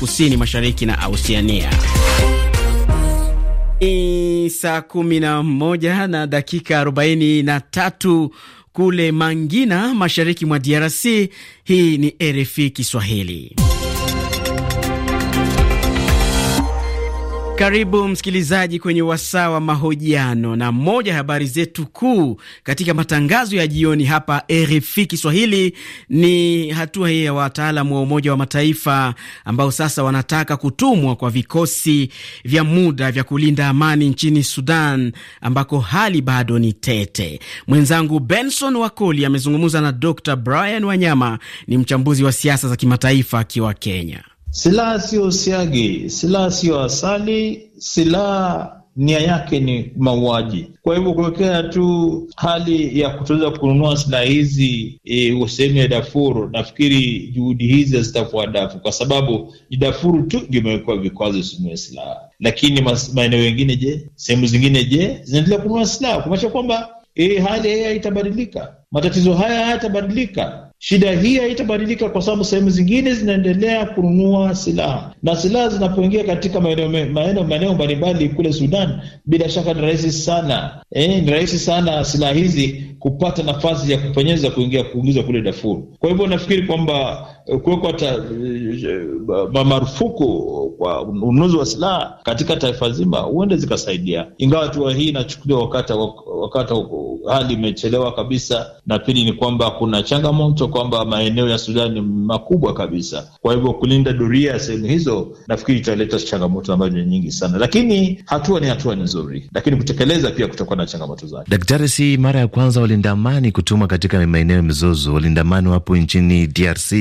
kusini mashariki na Oceania. Ni saa kumi na moja na dakika arobaini na tatu kule Mangina mashariki mwa DRC. Hii ni RFI Kiswahili. Karibu msikilizaji kwenye wasaa wa mahojiano na moja ya habari zetu kuu katika matangazo ya jioni hapa RFI Kiswahili ni hatua hii ya wataalamu wa Umoja wa Mataifa ambao sasa wanataka kutumwa kwa vikosi vya muda vya kulinda amani nchini Sudan ambako hali bado ni tete. Mwenzangu Benson Wakoli amezungumza na Dr Brian Wanyama, ni mchambuzi wa siasa za kimataifa akiwa Kenya. Silaha siyo siagi, silaha siyo asali, silaha nia yake ni mauaji. Kwa hivyo kuwekea tu hali ya kutoweza kununua silaha hizi e, sehemu ya Darfur, nafikiri juhudi hizi hazitafua dafu, kwa sababu ni Darfur tu ndio imewekewa vikwazo isinunue silaha, lakini maeneo mengine je, sehemu zingine je, zinaendelea kununua silaha, kumaanisha kwamba e, hali haya haitabadilika, matatizo haya hayatabadilika. Shida hii haitabadilika kwa sababu sehemu zingine zinaendelea kununua silaha, na silaha zinapoingia katika maeneo mbalimbali kule Sudan, bila shaka ni rahisi sana eh, ni rahisi sana silaha hizi kupata nafasi ya kupenyeza kuingia kuingiza kule Darfur. Kwa hivyo nafikiri kwamba eh, kuwekwa eh, eh, ma marufuku kwa ununuzi wa silaha katika taifa zima huende zikasaidia, ingawa hatua hii inachukuliwa wakati wakati hali imechelewa kabisa, na pili ni kwamba kuna changamoto kwamba maeneo ya Sudan ni makubwa kabisa. Kwa hivyo kulinda doria ya sehemu hizo nafikiri italeta changamoto ambazo ni nyingi sana, lakini hatua ni hatua nzuri, lakini kutekeleza pia kutakuwa na changamoto zake. Daktari, si mara ya kwanza walinda amani kutumwa katika maeneo ya mizozo. Walinda amani wapo nchini DRC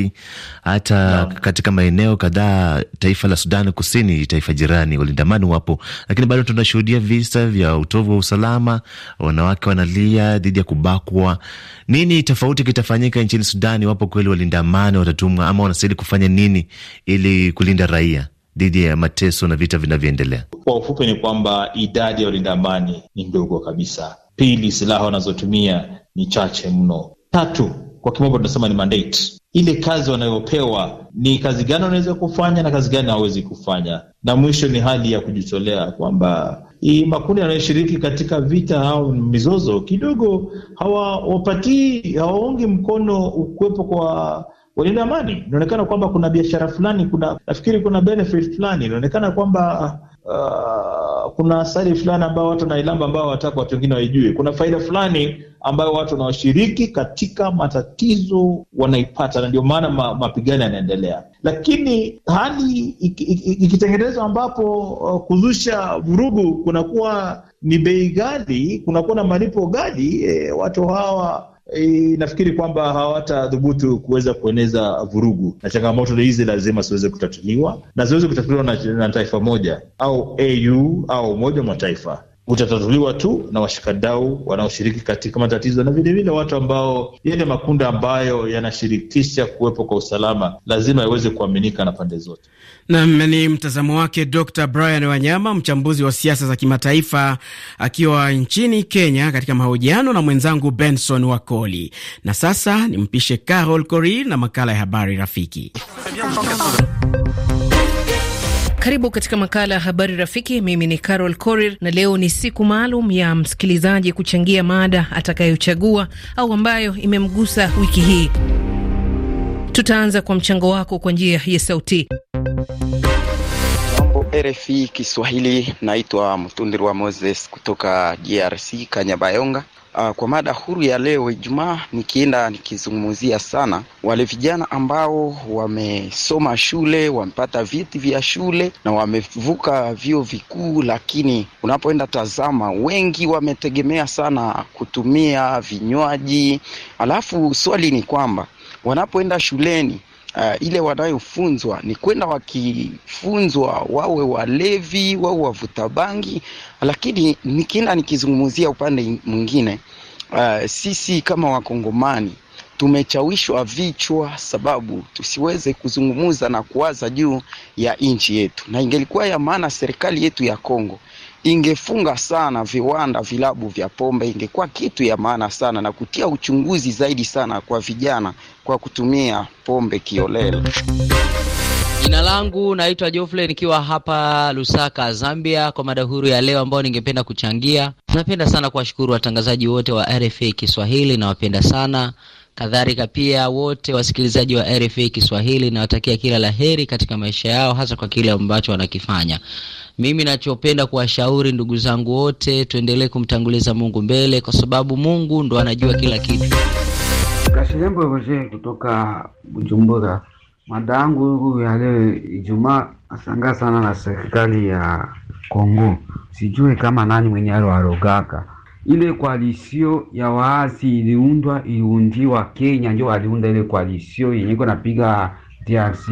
hata no. katika maeneo kadhaa taifa la Sudan Kusini, taifa jirani, walinda amani wapo, lakini bado tunashuhudia visa vya utovu wa usalama, wanawake wanalia dhidi ya kubakwa. Nini tofauti kitafanyika nchini Sudani? Wapo kweli walinda amani watatumwa, ama wanastahili kufanya nini ili kulinda raia dhidi ya mateso na vita vinavyoendelea? Kwa ufupi ni kwamba idadi ya walinda amani ni ndogo kabisa Pili, silaha wanazotumia ni chache mno. Tatu, kwa kimombo tunasema ni mandate ile kazi wanayopewa ni kazi gani wanaweza kufanya na kazi gani hawawezi kufanya, na mwisho ni hali ya kujitolea, kwamba makundi yanayoshiriki katika vita au mizozo kidogo hawawapatii, hawaungi mkono kuwepo kwa walinda amani. Inaonekana kwamba kuna biashara fulani, kuna nafikiri kuna benefit fulani, inaonekana kwamba Ah, kuna asari fulani ambayo watu wanailamba ambao wataka watu wengine waijue. Kuna faida fulani ambayo watu wanaoshiriki katika matatizo wanaipata, na ndio maana ma, mapigano yanaendelea. Lakini hali ikitengenezwa ambapo uh, kuzusha vurugu kunakuwa ni bei ghali, kunakuwa na malipo ghali, eh, watu hawa Eh, nafikiri kwamba hawatadhubutu kuweza kueneza vurugu, na changamoto hizi lazima ziweze kutatuliwa na ziweze kutatuliwa na, na taifa moja au AU au Umoja wa Mataifa utatatuliwa tu na washikadau wanaoshiriki katika matatizo na vilevile watu ambao yale makundi ambayo yanashirikisha kuwepo kwa usalama lazima yaweze kuaminika na pande zote. Nam ni mtazamo wake Dr Brian Wanyama, mchambuzi wa siasa za kimataifa akiwa nchini Kenya, katika mahojiano na mwenzangu Benson Wakoli. Na sasa nimpishe Carol Cori na makala ya habari rafiki karibu katika makala ya habari rafiki. Mimi ni Carol Korir, na leo ni siku maalum ya msikilizaji kuchangia mada atakayochagua au ambayo imemgusa wiki hii. Tutaanza kwa mchango wako kwa njia ya sauti. RFI Kiswahili, naitwa Mtundiri wa Moses kutoka DRC, Kanyabayonga. Ah, kwa mada huru ya leo Ijumaa, nikienda nikizungumzia sana wale vijana ambao wamesoma shule, wamepata vyeti vya shule na wamevuka vyuo vikuu, lakini unapoenda tazama, wengi wametegemea sana kutumia vinywaji, alafu swali ni kwamba wanapoenda shuleni uh, ile wanayofunzwa ni kwenda wakifunzwa wawe walevi wawe wavuta bangi, lakini nikienda nikizungumzia upande mwingine uh, sisi kama wakongomani tumechawishwa vichwa sababu tusiweze kuzungumuza na kuwaza juu ya nchi yetu, na ingelikuwa ya maana serikali yetu ya Kongo ingefunga sana viwanda, vilabu vya pombe, ingekuwa kitu ya maana sana na kutia uchunguzi zaidi sana kwa vijana kwa kutumia pombe kiolela. Jina langu naitwa Jofle nikiwa hapa Lusaka, Zambia, kwa mada huru ya leo ambayo ningependa kuchangia. Napenda sana kuwashukuru watangazaji wote wa RFA Kiswahili, nawapenda sana kadhalika pia wote wasikilizaji wa RFA Kiswahili, nawatakia kila la heri katika maisha yao, hasa kwa kile ambacho wanakifanya. Mimi nachopenda kuwashauri ndugu zangu wote, tuendelee kumtanguliza Mungu mbele, kwa sababu Mungu ndo anajua kila kitu. Kashirembo Roje kutoka Bujumbura. Mada yangu ya leo Ijumaa, asanga sana na serikali ya Kongo, sijui kama nani mwenye aliwarogaka ile koalisio ya waasi iliundwa iliundiwa Kenya, ndio aliunda ile koalisio yenye iko napiga DRC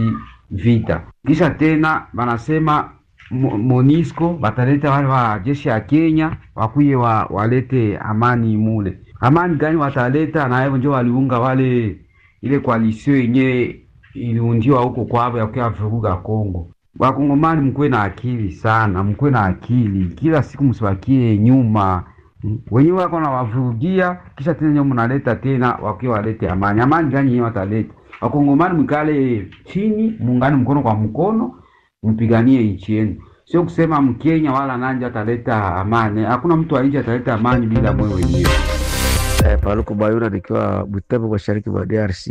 vita. Kisha tena wanasema Monisco bataleta wale wa jeshi ya Kenya wakuye wa, walete amani mule. Amani gani wataleta? Na hivyo ndio waliunga wale ile koalisio yenye iliundiwa huko kwao ya kwa vuruga Kongo. Wakongomani, mkuwe na akili sana, mkuwe na akili kila siku, msibakie nyuma. Wenyewe wako na wavurugia, kisha tena nyuma mnaleta tena wakiwa walete amani. Amani gani yeye wataleta? Wakongomani, mkale chini, muungane mkono kwa mkono mpiganie nchi yenu, sio kusema Mkenya wala nanje ataleta amani. Hakuna mtu wa nje ataleta amani bila mwe wenyewe. Eh, Paluku Mayuna nikiwa Butembo, mashariki mwa DRC.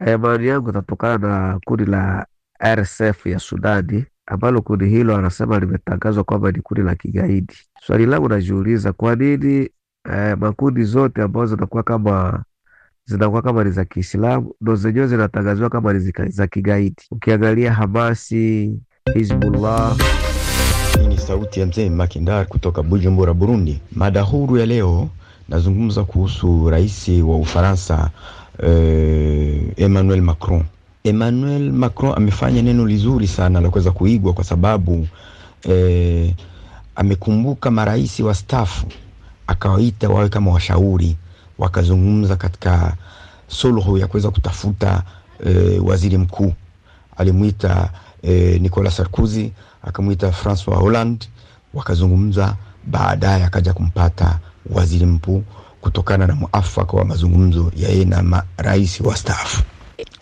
Eh, Imani yangu inatokana na kundi la RSF ya Sudani ambalo kundi hilo anasema limetangazwa kwamba ni kundi la kigaidi. Swali langu najiuliza, kwa nini eh, makundi zote ambazo zinakuwa kama zinakuwa kama ni za Kiislamu ndo zenyewe zinatangaziwa kama ni za kigaidi? Ukiangalia Hamasi Hizbullah. Hii ni sauti ya mzee Makindar kutoka Bujumbura, Burundi. Mada huru ya leo nazungumza kuhusu rais wa Ufaransa eh, Emmanuel Macron. Emmanuel Macron amefanya neno lizuri sana la kuweza kuigwa kwa sababu eh, amekumbuka marais stafu akawaita wawe kama washauri, wakazungumza katika suluhu ya kuweza kutafuta eh, waziri mkuu alimwita e, Nicolas Sarkozy akamwita Francois Hollande, wakazungumza. Baadaye akaja kumpata waziri mkuu kutokana na mwafaka wa mazungumzo ya yeye na wa wastaafu.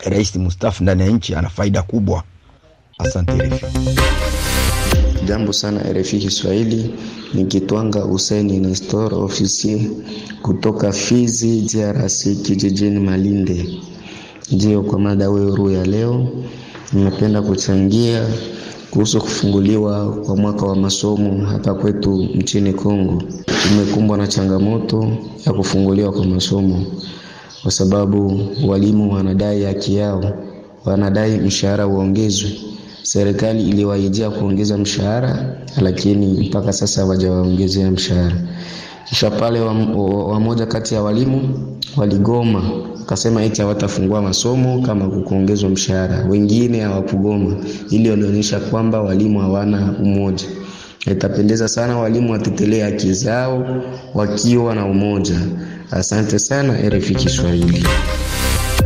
Rais mustafu ndani ya nchi ana faida kubwa. Asante RFI. Jambo sana RFI Kiswahili, nikitwanga Huseni store ofisi kutoka Fizi, DRC, kijijini Malinde. Ndiyo kwa mada weuru ya leo Ninapenda kuchangia kuhusu kufunguliwa kwa mwaka wa masomo hapa kwetu nchini Kongo. Tumekumbwa na changamoto ya kufunguliwa kwa masomo kwa sababu walimu wanadai haki yao, wanadai mshahara uongezwe. Serikali iliwaijia kuongeza mshahara, lakini mpaka sasa hawajawaongezea mshahara. Kisha pale wamoja wa, wa kati ya walimu waligoma, akasema eti hawatafungua masomo kama kukuongezwa mshahara. Wengine hawakugoma, ili walionyesha kwamba walimu hawana umoja. Itapendeza sana walimu watetelee haki zao wakiwa na umoja. Asante sana RFI Kiswahili.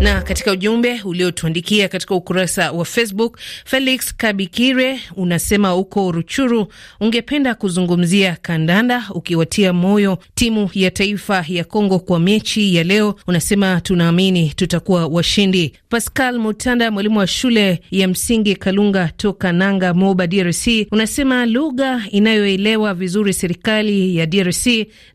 Na katika ujumbe uliotuandikia katika ukurasa wa Facebook, Felix Kabikire unasema uko Ruchuru, ungependa kuzungumzia kandanda ukiwatia moyo timu ya taifa ya Kongo kwa mechi ya leo. Unasema tunaamini tutakuwa washindi. Pascal Mutanda, mwalimu wa shule ya msingi Kalunga toka Nanga Moba, DRC, unasema lugha inayoelewa vizuri serikali ya DRC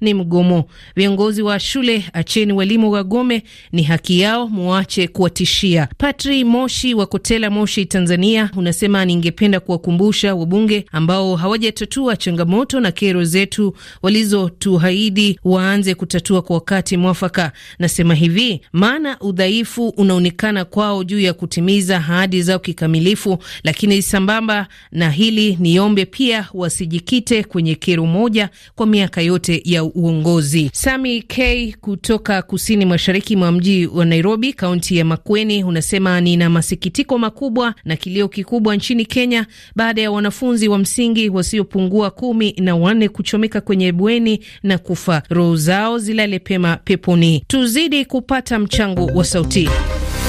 ni mgomo. Viongozi wa shule, acheni walimu wagome, ni haki yao mua waache kuwatishia. Patri Moshi wa Kotela, Moshi, Tanzania, unasema ningependa kuwakumbusha wabunge ambao hawajatatua changamoto na kero zetu walizotuhaidi waanze kutatua kwa wakati mwafaka. Nasema hivi, maana udhaifu unaonekana kwao juu ya kutimiza ahadi zao kikamilifu, lakini sambamba na hili niombe pia wasijikite kwenye kero moja kwa miaka yote ya uongozi. Sami K kutoka kusini mashariki mwa mji wa Nairobi kaunti ya Makueni, unasema nina masikitiko makubwa na kilio kikubwa nchini Kenya baada ya wanafunzi wa msingi wasiopungua kumi na wanne kuchomeka kwenye bweni na kufa. Roho zao zilale pema peponi. Tuzidi kupata mchango wa sauti.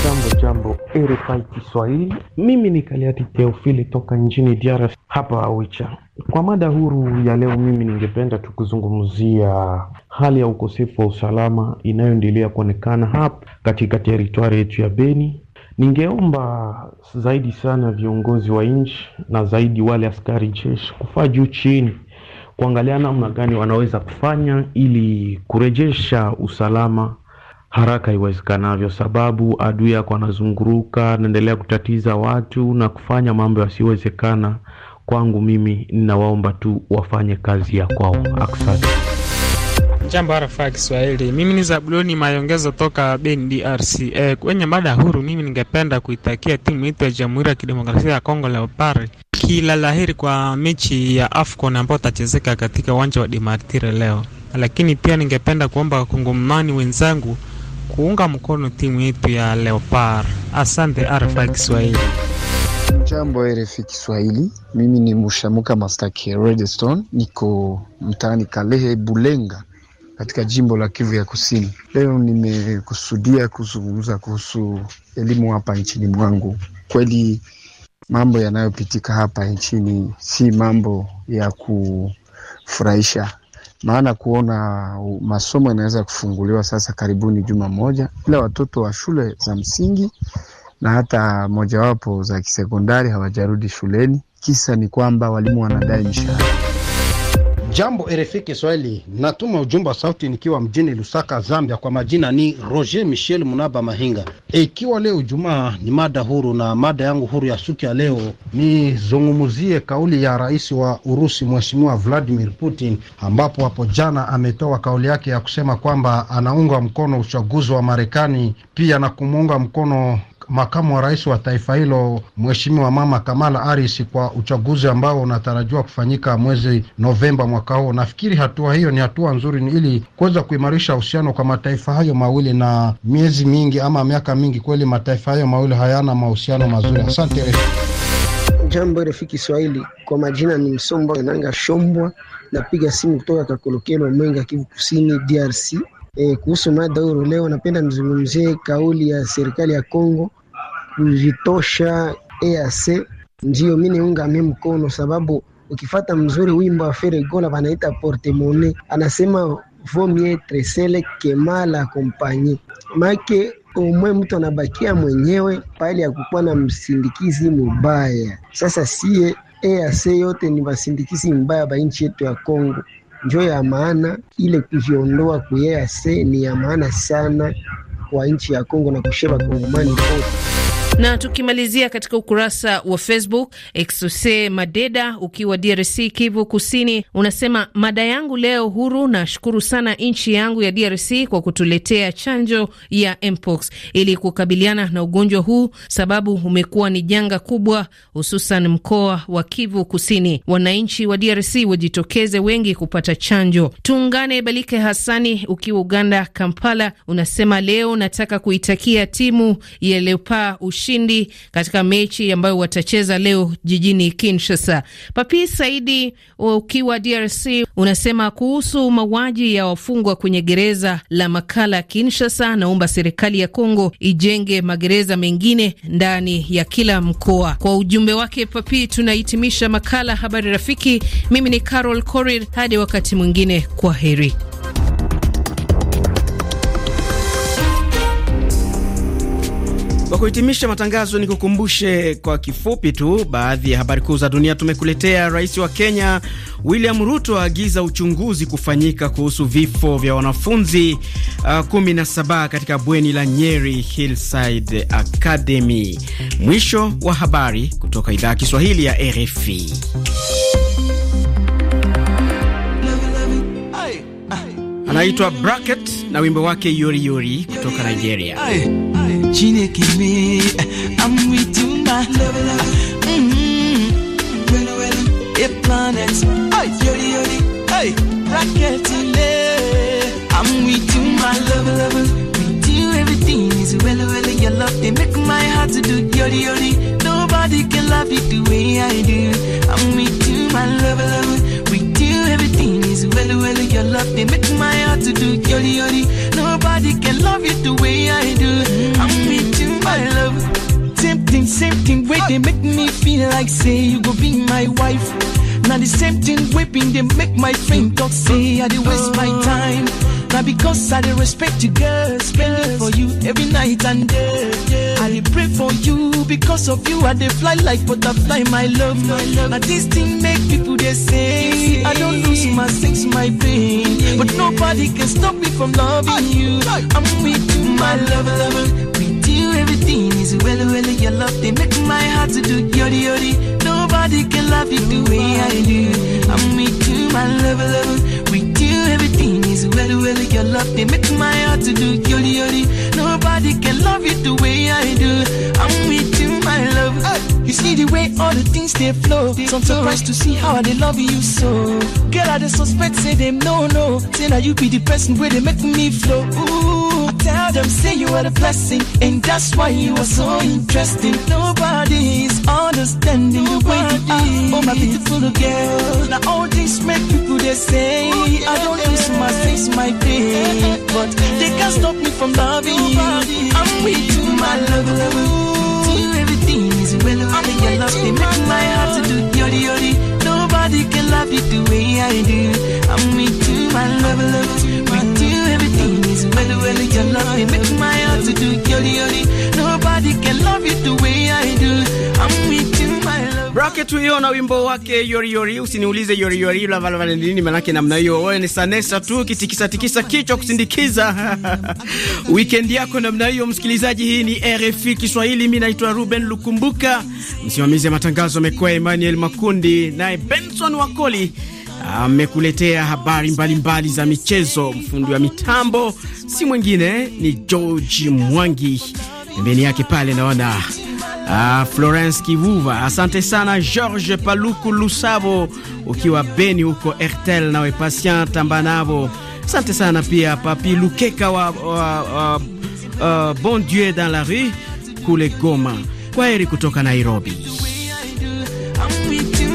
Jambo jambo RFI Kiswahili, mimi ni Kaliati Teofili toka nchini DRC hapa Awicha. Kwa mada huru ya leo, mimi ningependa tukuzungumzia hali ya ukosefu wa usalama inayoendelea kuonekana hapa katika teritwari yetu ya Beni. Ningeomba zaidi sana viongozi wa nchi na zaidi wale askari jeshi kufaa juu chini kuangalia namna gani wanaweza kufanya ili kurejesha usalama haraka iwezekanavyo, sababu adui yako anazunguruka, anaendelea kutatiza watu na kufanya mambo yasiyowezekana. Kwangu mimi, ninawaomba tu wafanye kazi ya kwao. Asante. Jambo arafa ya Kiswahili, mimi ni Zabuloni Mayongezo toka Beni, DRC. Eh, kwenye mada huru, mimi ningependa kuitakia timu yetu ya Jamhuri ya Kidemokrasia ya Kongo Leopard kila laheri kwa mechi ya AFCON ambayo itachezeka katika uwanja wa Dimartire leo, lakini pia ningependa kuomba wakongomani wenzangu kuunga mkono timu yetu ya Leopard. Asante RFI Kiswahili. Jambo RFI Kiswahili, mimi ni Mushamuka Mastaki Redstone, niko mtaani Kalehe Bulenga katika jimbo la Kivu ya Kusini. Leo nimekusudia kuzungumza kuhusu elimu hapa nchini mwangu. Kweli mambo yanayopitika hapa nchini si mambo ya kufurahisha maana kuona masomo yanaweza kufunguliwa sasa karibuni juma moja, ila watoto wa shule za msingi na hata mojawapo za kisekondari hawajarudi shuleni. Kisa ni kwamba walimu wanadai mshahara. Jambo RFI Kiswahili, natuma ujumbe wa sauti nikiwa mjini Lusaka, Zambia. Kwa majina ni Roger Michel Munaba Mahinga. Ikiwa e, leo jumaa ni mada huru, na mada yangu huru ya suki ya leo nizungumuzie kauli ya rais wa Urusi Mheshimiwa Vladimir Putin, ambapo hapo jana ametoa kauli yake ya kusema kwamba anaunga mkono uchaguzi wa Marekani pia na kumuunga mkono makamu wa rais wa taifa hilo mheshimiwa mama Kamala Harris kwa uchaguzi ambao unatarajiwa kufanyika mwezi Novemba mwaka huu. Nafikiri hatua hiyo ni hatua nzuri, ni ili kuweza kuimarisha uhusiano kwa mataifa hayo mawili, na miezi mingi ama miaka mingi kweli mataifa hayo mawili hayana mahusiano mazuri. Asante. Jambo refi Kiswahili, kwa majina ni Msomba Nanga Shombwa, napiga simu kutoka Kakolokelwa, Mwenga, Kivu Kusini, DRC. E, eh, kuhusu mada huru leo, napenda nizungumzie kauli ya serikali ya Kongo kujitosha EAC ndio mimi niunga mimi mkono, sababu ukifata mzuri wimbo wa Feregola wanaita portemone, anasema vomietre sele kemala kompanyi make umwe mtu anabakia mwenyewe pale ya kukuwa na msindikizi mubaya. Sasa sie EAC yote ni wasindikizi mbaya ba nchi yetu ya Kongo, njo ya maana ile kujiondoa ku EAC ni ya maana sana kwa nchi ya Kongo na kusheba Kongomani wote. Na tukimalizia katika ukurasa wa Facebook, Exose Madeda ukiwa DRC Kivu Kusini unasema mada yangu leo huru, na shukuru sana nchi yangu ya DRC kwa kutuletea chanjo ya mpox ili kukabiliana na ugonjwa huu, sababu umekuwa ni janga kubwa, hususan mkoa wa Kivu Kusini. Wananchi wa DRC wajitokeze wengi kupata chanjo. Tuungane. Balike Hasani ukiwa Uganda, Kampala unasema leo nataka kuitakia timu ya Leopards ushindi katika mechi ambayo watacheza leo jijini Kinshasa. Papi Saidi, ukiwa DRC, unasema kuhusu mauaji ya wafungwa kwenye gereza la Makala Kinshasa, naomba serikali ya Kongo ijenge magereza mengine ndani ya kila mkoa. Kwa ujumbe wake Papi, tunahitimisha makala Habari Rafiki. Mimi ni Carol Corir, hadi wakati mwingine, kwa heri. Kwa kuhitimisha matangazo, ni kukumbushe kwa kifupi tu baadhi ya habari kuu za dunia tumekuletea. Rais wa Kenya William Ruto aagiza uchunguzi kufanyika kuhusu vifo vya wanafunzi uh, 17 katika bweni la Nyeri Hillside Academy. Mwisho wa habari kutoka idhaa ya Kiswahili ya RFI. Anaitwa Bracket na wimbo wake Yoriyori kutoka Nigeria. Aye, aye. chineke mee I'm with you my love love mm-hmm. well, well, a planet hey yori yori hey racket ile I'm with you my love love with you everything is well, well. your love they make my heart to do yori yori nobody can love you the way I do I'm with you my love love with you everything is well, well. your love they make my heart to do yori yori nobody can love you the way I do same thing where they make me feel like say you go be my wife. Now the same thing whipping they make my friend talk say I they waste my time. Now because I they respect you girl, spend it for you every night and day. I pray for you because of you I they fly like butterfly my love. My love. Now this thing make people they say I don't lose my sense my pain, but nobody can stop me from loving you. I'm with you my love, lover. Everything is well, well, your love, they make my heart to do yori yori. Nobody can love you the way I do. I'm with you, my love, love. With you, everything is well, well, your love, they make my heart to do yori yori. Nobody can love you the way I do. I'm with you, my love. You see the way all the things they flow. They Some surprised to see how they love you so. Girl, I the suspect, say them no, no. Say now you be the person where they make me flow. Ooh. Tell them, say you are a blessing, and that's why you are so interesting. Nobody is understanding the way you are. Oh, my beautiful girl. Now, all these make people they say, I don't lose my face, my pain. But they can't stop me from loving you. I'm with you, my love, love. To everything is well, I'm in your love. They make my heart to do yodi yodi. Nobody can love you the way I do. I'm with you, my love, love. is well, well, your love it make my heart to do yoli yoli. Nobody can love you the way I do. I'm with you, Bracket huyo na wimbo wake yori yori, usiniulize yori yori la nini manake namna hiyo wewe ni sanesa tu kitikisa tikisa kichwa kusindikiza weekend yako namna hiyo. Msikilizaji, hii ni RFI Kiswahili, mimi naitwa Ruben Lukumbuka, msimamizi wa matangazo amekuwa Emmanuel Makundi, naye Benson Wakoli amekuletea habari mbalimbali mbali za michezo. Mfundi wa mitambo si mwingine ni George Mwangi, pembeni yake pale naona Ah, Florence Kivuva, asante sana George Paluku Lusavo, ukiwa Beni huko Ertel, na Patient Tambanavo, asante sana pia Papi Lukeka wa, wa, wa uh, Bon Dieu dans la rue kule Goma. heri kutoka Nairobi.